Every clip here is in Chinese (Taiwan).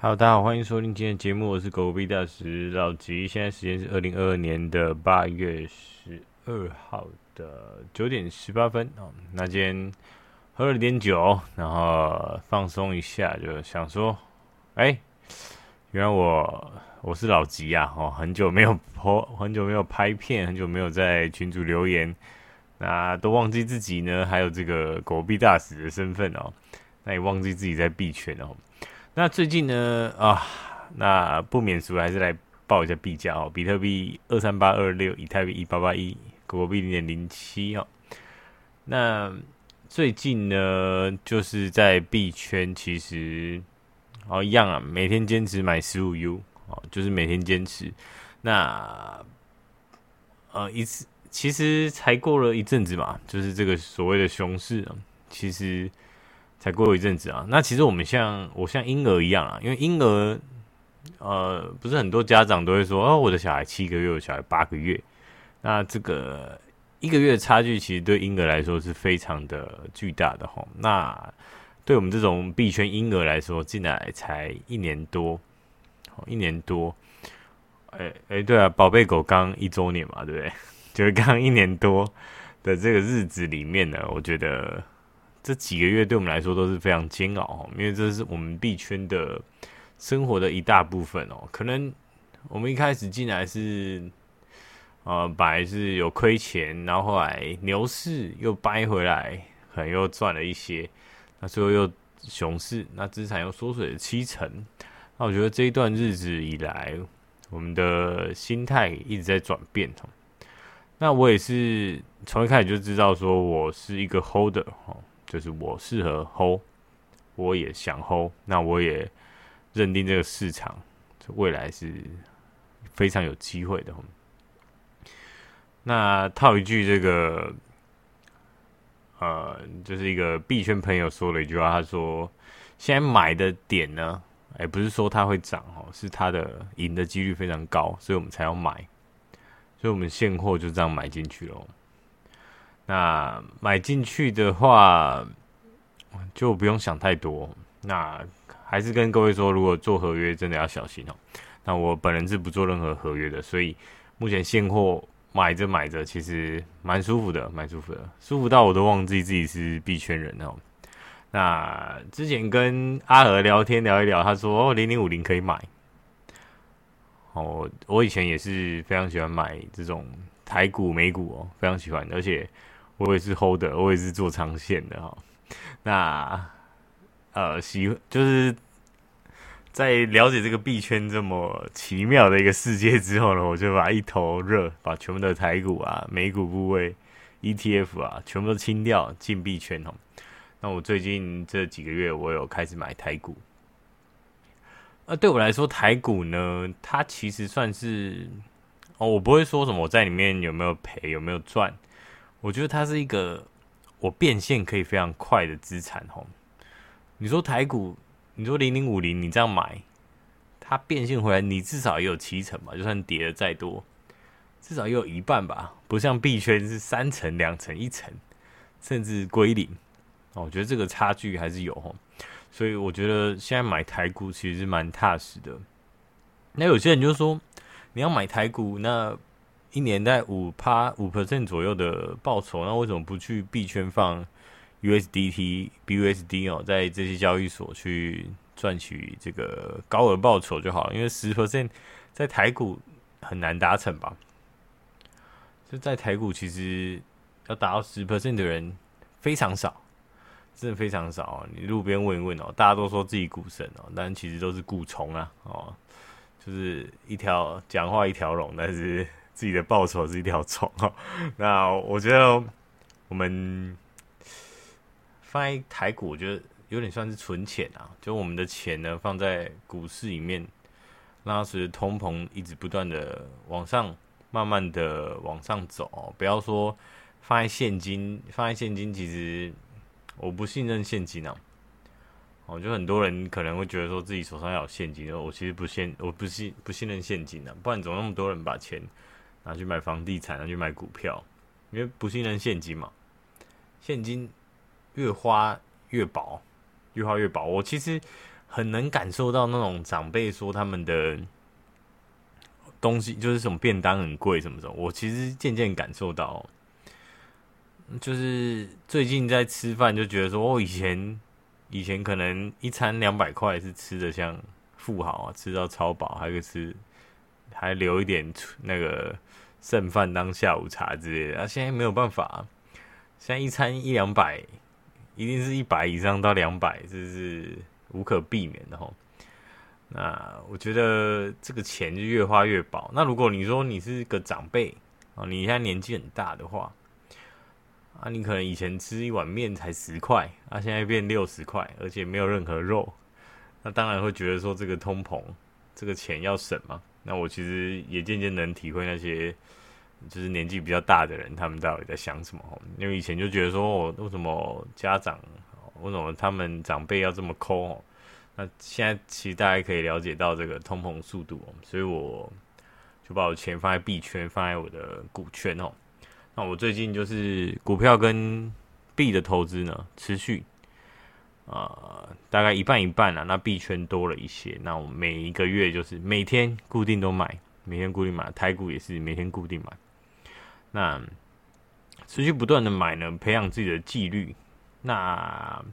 好，Hello, 大家好，歡迎收聽今天的節目，我是狗幣大使老吉。現在時間是二零二二年的八月十二號的九點十八分。哦，那今天喝了點酒，然後放鬆一下，就想說，哎、欸，原來我我是老吉啊！哦，很久沒有播，很久沒有拍片，很久沒有在群組留言，那都忘記自己呢。還有這個狗幣大使的身份哦，那也忘記自己在幣圈哦。那最近呢啊、哦，那不免俗還是來報一下幣價哦。比特幣二三八二六，以太幣一八八一，狗幣零點零七哦。那最近呢，就是在幣圈，其實哦一樣啊，每天堅持買十五 U 哦，就是每天堅持。那呃，一次其實才過了一陣子嘛，就是這個所謂的熊市，其實。才過一陣子啊，那其實，我們像我像嬰兒一樣啊，因為嬰兒，呃，不是很多家長都會說，哦，我的小孩七個月，我小孩八個月，那這個一個月的差距，其實對嬰兒來說是非常的巨大的吼。那對我們這種幣圈嬰兒來說，進來才一年多，吼一年多，哎、欸、哎、欸，對啊，寶貝狗剛一周年嘛，對不對？就是剛一年多的這個日子裡面呢，我覺得。這幾個月對我們來說都是非常煎熬，因為這是我們幣圈的生活的一大部分哦。可能我們一開始進來是，呃，本來是有虧錢，然後後來牛市又掰回來，可能又賺了一些，那最後又熊市，那資產又縮水了七成。那我覺得這一段日子以來，我們的心態一直在轉變哦。那我也是從一開始就知道說我是一個 holder 哦。就是我適合 Hold，我也想 Hold，那我也認定這個市場未來是非常有機會的。那套一句這個，呃，就是一個幣圈朋友說了一句話，他說：“現在買的點呢，哎，不是說它會漲哦，是它的贏的幾率非常高，所以我們才要買，所以我們現貨就這樣買進去咯。”那買進去的話，就不用想太多。那還是跟各位說，如果做合約，真的要小心哦。那我本人是不做任何合約的，所以目前現貨買着買着，其實蠻舒服的，蠻舒服的，舒服到我都忘記自己是幣圈人哦。那之前跟阿和聊天聊一聊，他說零零五零可以買。哦，我以前也是非常喜歡買這種台股、美股哦，非常喜歡，而且。我也是 holder，我也是做長線的哈。那呃，喜就是在了解這個幣圈這麼奇妙的一個世界之後呢，我就把一頭熱，把全部的台股啊、美股部位、ETF 啊，全部都清掉，進幣圈哦。那我最近這幾個月，我有開始買台股。呃，對我來說，台股呢，它其實算是哦，我不會說什麼我在裡面有沒有賠有沒有賺。我覺得它是一個我變現可以非常快的資產哦，你說台股，你說零零五零，你這樣買，它變現回來，你至少也有七成吧，就算跌得再多，至少也有一半吧。不像幣圈是三成、兩成、一成，甚至歸零。我覺得這個差距還是有吼。所以我覺得現在買台股其實是蠻踏實的。那有些人就是說，你要買台股，那。一年在五趴五 percent 左右的報酬，那為什麼不去幣圈放 USDT、BUSD 哦，在這些交易所去賺取這個高額報酬就好了？因為十 percent 在台股很難達成吧？就在台股，其實要達到十 percent 的人非常少，真的非常少啊，哦，你路邊問一問哦，大家都說自己股神哦，但其實都是股蟲啊哦，就是一條講話一條龍，但是。自己的報酬是一條蟲，那我覺得我們放在台股，我覺得有點算是存錢啊。就我們的錢呢，放在股市裡面，那其實通膨一直不斷的往上，慢慢的往上走、喔。不要說放在現金，放在現金，其實我不信任現金啊。我覺得很多人可能會覺得說自己手上要有現金，我其實不信，我不信不信任現金的、啊。不然怎麼那麼多人把錢？拿、啊、去買房地產，拿、啊、去買股票，因為不信任現金嘛。現金越花越薄，越花越薄。我其實很能感受到那種長輩說他們的東西，就是什麼便當很貴什麼什麼，我其實漸漸感受到，就是最近在吃飯就覺得說，說、哦、我以前以前可能一餐兩百塊是吃的像富豪啊，吃到超飽，還可以吃。還留一點那個剩飯當下午茶之類的啊，現在沒有辦法，現在一餐一兩百，一定是一百以上到兩百，這是無可避免的吼。那我覺得這個錢就越花越薄。那如果你說你是個長輩哦，你現在年紀很大的話，啊，你可能以前吃一碗麵才十塊，啊，現在變六十塊，而且沒有任何肉，那當然會覺得說這個通膨，這個錢要省嗎？那我其實也漸漸能體會那些，就是年紀比較大的人，他們到底在想什麼哦。因為以前就覺得說，我為什麼家長，為什麼他們長輩要這麼摳哦？那現在其實大家可以了解到這個通膨速度，所以我就把我錢放在幣圈，放在我的股圈。哦。那我最近就是股票跟幣的投資呢，持續。呃，大概一半一半啦，啊，那幣圈多了一些。那我每一個月就是每天固定都買，每天固定買台股也是每天固定買。那持續不斷的買呢，培養自己的紀律。那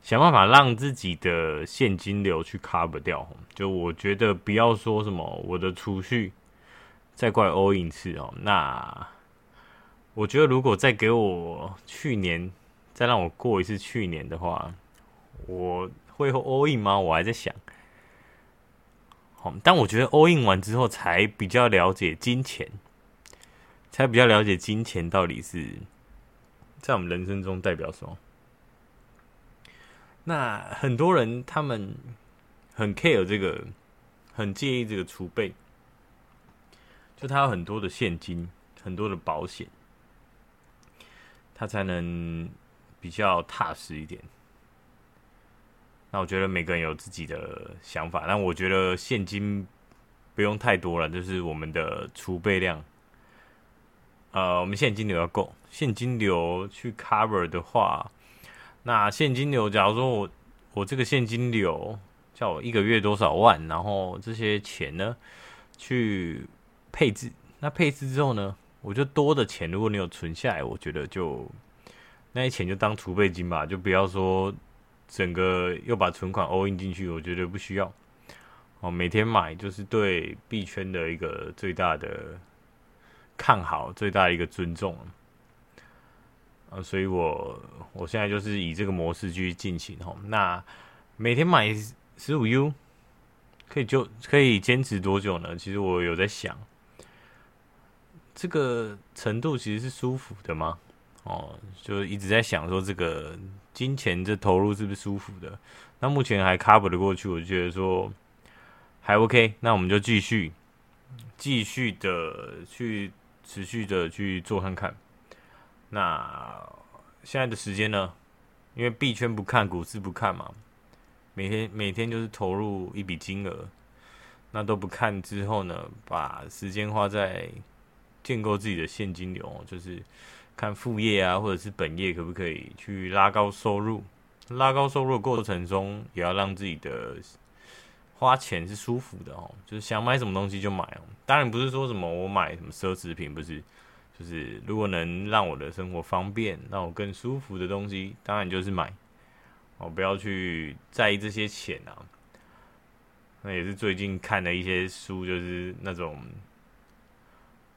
想辦法讓自己的現金流去 cover 掉，就我覺得不要說什麼我的儲蓄再怪 all in 次哦。那我覺得如果再給我去年，再讓我過一次去年的話。我會 all in 嗎？我還在想。好，但我覺得 all in 完之後，才比較了解金錢，才比較了解金錢到底是在我們人生中代表什麼。那很多人他們很 care 這個，很介意這個儲備，就他有很多的現金，很多的保險，他才能比較踏實一點。那我覺得每個人有自己的想法，那我覺得現金不用太多了，就是我們的儲備量，呃，我們現金流要夠，現金流去 cover 的話，那現金流，假如說我我這個現金流叫我一個月多少萬，然後這些錢呢，去配置，那配置之後呢，我就多的錢，如果你有存下來，我覺得就那些錢就當儲備金吧，就不要說。整個又把存款 all in 進去，我覺得不需要。哦，每天買就是對幣圈的一個最大的看好，最大的一個尊重。所以我我現在就是以這個模式去進行哦。那每天買十五 U，可以就可以堅持多久呢？其實我有在想，這個程度其實是舒服的嗎？哦，就一直在想說這個金錢這投入是不是舒服的？那目前還 cover 得過去，我覺得說還 OK。那我們就繼續繼續的去持續的去做看看。那現在的時間呢？因為幣圈不看，股市不看嘛，每天每天就是投入一筆金額，那都不看之後呢，把時間花在建構自己的現金流，就是。看副業啊，或者是本業可不可以去拉高收入？拉高收入的過程中，也要讓自己的花錢是舒服的哦。就是想買什麼東西就買哦。當然不是說什麼我買什麼奢侈品，不是。就是如果能讓我的生活方便，讓我更舒服的東西，當然就是買我、哦、不要去在意這些錢啊。那也是最近看了一些書，就是那種、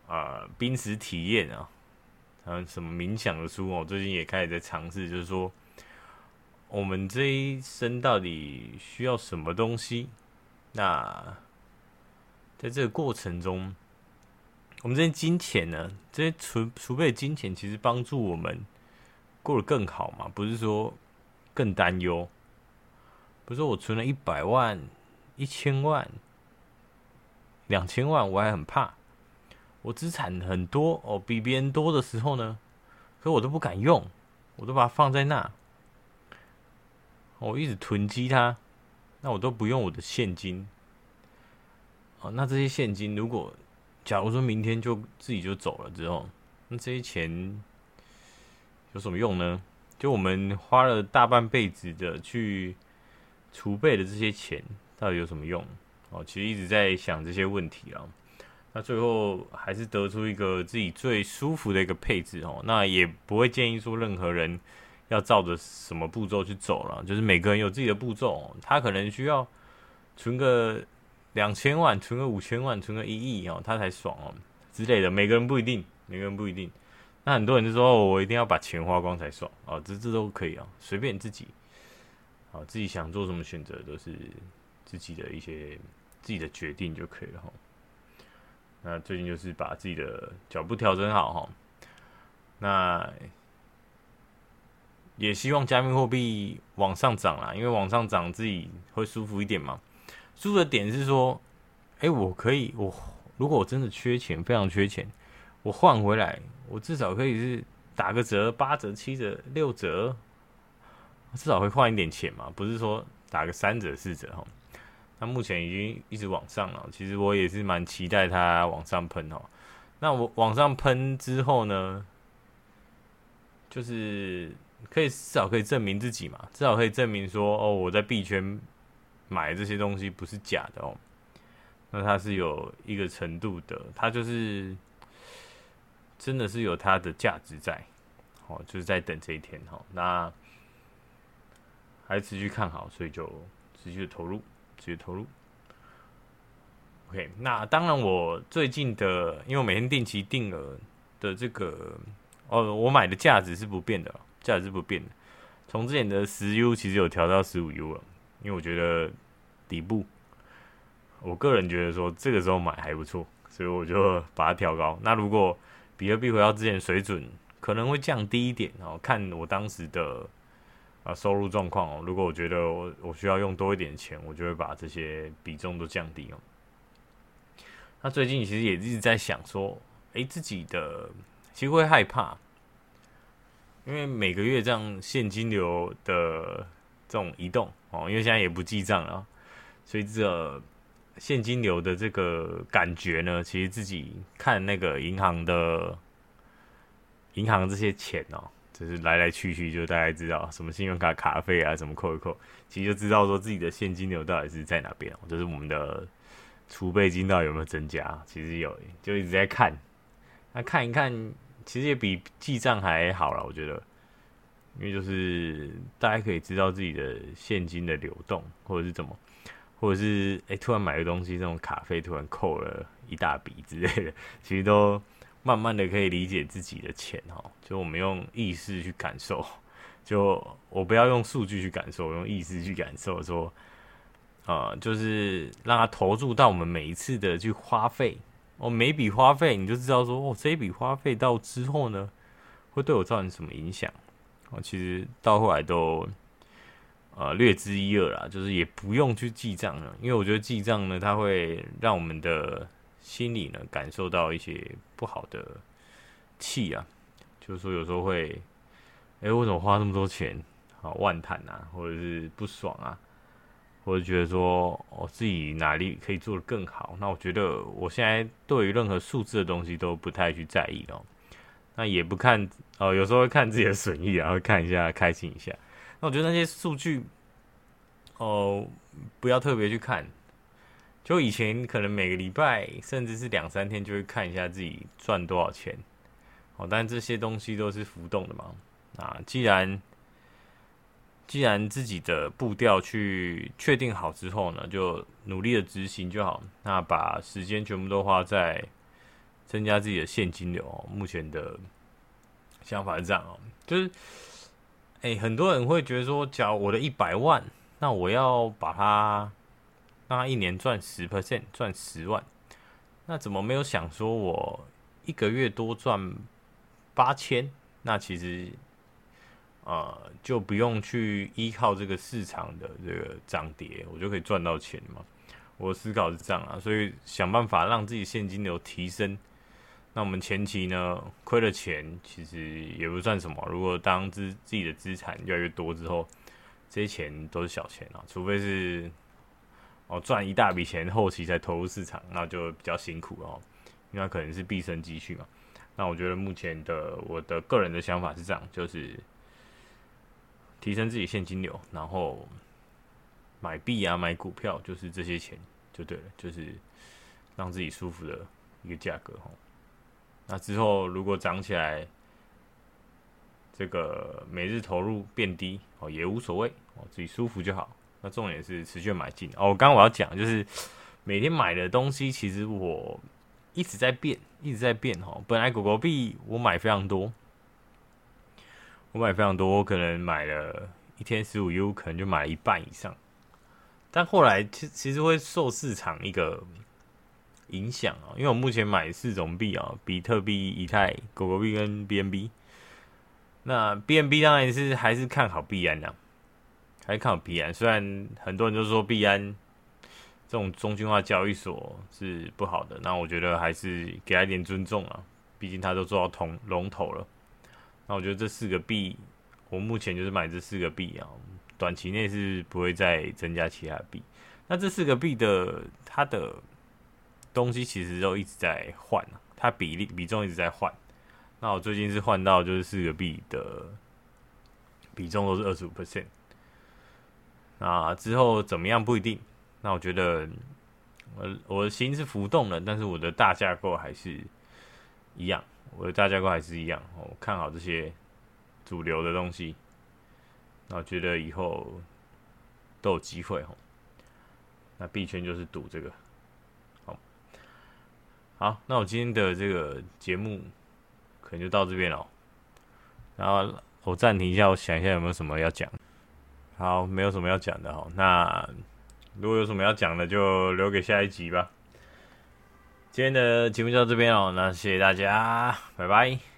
呃、冰啊，瀕死體驗啊。還有、啊、什麼冥想的書哦？我最近也開始在嘗試，就是說，我們這一生到底需要什麼東西？那在這個過程中，我們這些金錢呢？這些儲儲備的金錢，其實幫助我們過得更好嘛？不是說更擔憂？不是說我存了一百萬、一千萬、兩千萬，我還很怕。我資產很多哦，比別人多的時候呢，可我都不敢用，我都把它放在那，我一直囤積它，那我都不用我的現金，哦，那這些現金如果，假如說明天就自己就走了之後，那這些錢有什麼用呢？就我們花了大半輩子的去儲備的這些錢，到底有什麼用？哦，其實一直在想這些問題了，哦。那最後還是得出一個自己最舒服的一個配置哦。那也不會建議說任何人要照着什麼步驟去走了，就是每個人有自己的步驟哦。他可能需要存個兩千萬、存個五千萬、存個一億哦，他才爽哦之類的。每個人不一定，每個人不一定。那很多人就說我一定要把錢花光才爽哦，這這都可以哦，隨便自己，好，哦，自己想做什麼選擇都是自己的一些自己的決定就可以了哈，哦。那最近就是把自己的腳步調整好齁，那也希望加密貨幣往上漲啦，因為往上漲自己會舒服一點嘛。舒服的點是說，哎、欸，我可以，我如果我真的缺錢，非常缺錢，我換回來，我至少可以是打個折，八折、七折、六折，至少會換一點錢嘛，不是說打個三折、四折齁。那目前已經一直往上了，其實我也是蠻期待它往上噴哦。那我往上噴之後呢，就是可以至少可以證明自己嘛，至少可以證明說哦，我在幣圈買的這些東西不是假的哦。那它是有一個程度的，它就是真的是有它的價值在，哦，就是在等這一天哦，那還持續看好，所以就持續的投入。直接投入。OK，那當然，我最近的，因為我每天定期定額的這個，哦，我買的價值是不變的，價值不變的。從之前的十 U，其實有調到十五 U 了，因為我覺得底部，我個人覺得說這個時候買還不錯，所以我就把它調高。那如果比特幣回到之前水準，可能會降低一點哦。看我當時的，啊，收入狀況哦，如果我覺得我我需要用多一點錢，我就會把這些比重都降低哦。那、啊、最近其實也一直在想說，誒、欸，自己的其實會害怕，因為每個月這樣現金流的這種移動哦，因為現在也不記賬了，所以這現金流的這個感覺呢，其實自己看那個銀行的銀行這些錢哦。就是來來去去，就大概知道什麼信用卡卡費啊，什麼扣一扣，其實就知道說自己的現金流到底是在哪邊，哦。就是我們的儲備金到底有沒有增加，其實有，就一直在看。那看一看，其實也比記賬還好啦，我覺得，因為就是大家可以知道自己的現金的流動，或者是怎麼，或者是哎、欸、突然買個東西，這種卡費突然扣了一大筆之類的，其實都。慢慢的可以理解自己的錢哈，就我們用意識去感受，就我不要用數據去感受，我用意識去感受說，啊、呃，就是讓它投注到我們每一次的去花費，哦，每筆花費你就知道說，哦，這一筆花費到之後呢，會對我造成什麼影響？其實到後來都，呃，略知一二啦，就是也不用去記賬了，因為我覺得記賬呢，它會讓我們的。心裡呢，感受到一些不好的氣啊，就是說有時候會，哎、欸，為什麼花那麼多錢？好、哦，萬談啊，或者是不爽啊，或者覺得說我、哦、自己哪裡可以做得更好？那我覺得我現在對於任何數字的東西都不太去在意哦，那也不看哦、呃，有時候會看自己的損益，然後看一下開心一下。那我覺得那些數據哦、呃，不要特別去看。就以前可能每個禮拜，甚至是兩三天，就會看一下自己賺多少錢。哦，但這些東西都是浮動的嘛。啊，既然既然自己的步調去確定好之後呢，就努力的執行就好。那把時間全部都花在增加自己的現金流哦。目前的想法是這樣哦，就是，欸，很多人會覺得說，假如我的一百萬，那我要把它。他一年賺十 percent，賺十萬，那怎麼沒有想說我一個月多賺八千？那其實，呃，就不用去依靠這個市場的這個漲跌，我就可以賺到錢嘛。我思考是這樣啊，所以想辦法讓自己現金流提升。那我們前期呢，虧了錢其實也不算什麼。如果當自自己的資產越來越多之後，這些錢都是小錢啊，除非是。哦，賺一大筆錢，後期才投入市場，那就比較辛苦哦，因為可能是畢生積蓄嘛。那我覺得目前的我的個人的想法是這樣，就是提升自己現金流，然後買幣啊，買股票，就是這些錢就對了，就是讓自己舒服的一個價格哦。那之後如果漲起來，這個每日投入變低哦，也無所謂哦，自己舒服就好。那重點是持續買進哦。我剛剛我要講就是，每天買的東西其實我一直在變，一直在變哈。本來狗狗幣我買非常多，我買非常多，我可能買了一天十五 U，可能就買了一半以上。但後來其其實會受市場一個影響哦，因為我目前買四種幣哦，比特幣、以太、狗狗幣跟 BNB。那 BNB 當然是還是看好幣安啦。還是看幣安，雖然很多人都說幣安這種中心化交易所是不好的，那我覺得還是給他一點尊重啊。畢竟他都做到同龍頭了。那我覺得這四個幣，我目前就是買這四個幣啊，短期內是不會再增加其他幣。那這四個幣的它的東西其實都一直在換它，啊、比例比重一直在換。那我最近是換到就是四個幣的比重都是二十五 percent。啊，之後怎麼樣不一定。那我覺得我，我我的心是浮動了，但是我的大架構還是一樣。我的大架構還是一樣，我看好這些主流的東西，那我覺得以後都有機會哦。那幣圈就是賭這個。好，好，那我今天的這個節目可能就到這邊了，然後我暫停一下，我想一下有沒有什麼要講。好，沒有什麼要講的哦，那如果有什麼要講的，就留給下一集吧。今天的節目就到這邊哦，那謝謝大家，拜拜。